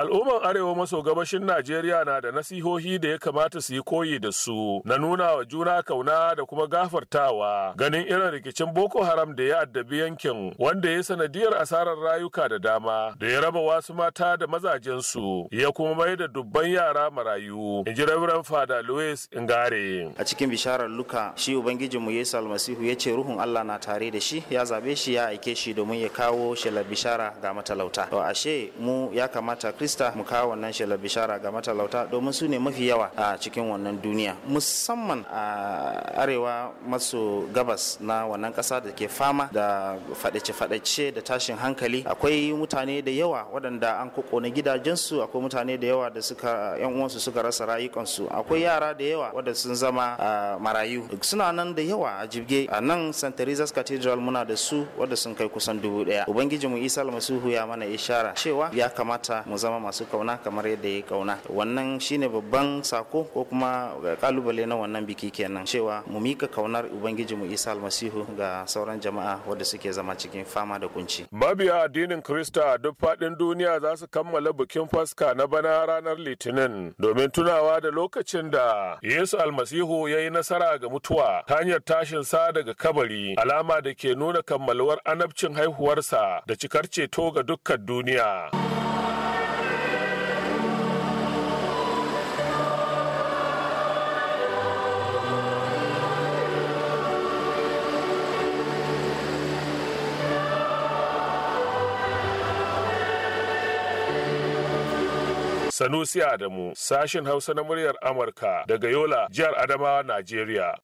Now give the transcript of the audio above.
Al'ummar Arewa maso gabashin Najeriya na da nasihohi da ya kamata su yi koyi da su na nuna wa juna kauna da kuma gafartawa ganin irin rikicin Boko Haram da ya addabi yankin wanda ya sanadiyar asarar rayuka da dama da ya raba wasu mata da mazajensu ya kuma mai da dubban yara marayu. In ji rabiran Fada Louis Ngare. A cikin bisharar Luka shi ubangijin mu Yesu Almasihu ya ce Ruhun Allah na tare da shi ya zabe shi ya aike shi domin ya kawo shelar bishara ga matalauta. To ashe mu ya kamata minista mu kawo wannan shela bishara ga matalauta domin su ne mafi yawa a cikin wannan duniya musamman a arewa maso gabas na wannan kasa da ke fama da fadace-fadace da tashin hankali akwai mutane da yawa waɗanda an na gidajensu akwai mutane da yawa da suka yan uwansu suka rasa rayukansu akwai yara da yawa waɗanda sun zama marayu suna nan da yawa a jibge a nan st teresa's cathedral muna da su waɗanda sun kai kusan dubu ɗaya ubangijinmu isa almasihu ya mana ishara cewa ya kamata mu zama masu kauna kamar yadda ya kauna wannan shine babban sako ko kuma kalubale na wannan biki kenan cewa mu mika kaunar ubangiji mu isa almasihu ga sauran jama'a wadda suke zama cikin fama da kunci mabiya addinin krista duk faɗin duniya za su kammala bikin faska na bana ranar litinin domin tunawa da lokacin da yesu almasihu ya yi nasara ga mutuwa ta hanyar tashin sa daga kabari alama da ke nuna kammaluwar anabcin haihuwarsa da cikar ceto ga dukkan duniya. Sanusi Adamu, Sashen Hausa na muryar Amurka daga Yola, jihar Adamawa, Najeriya.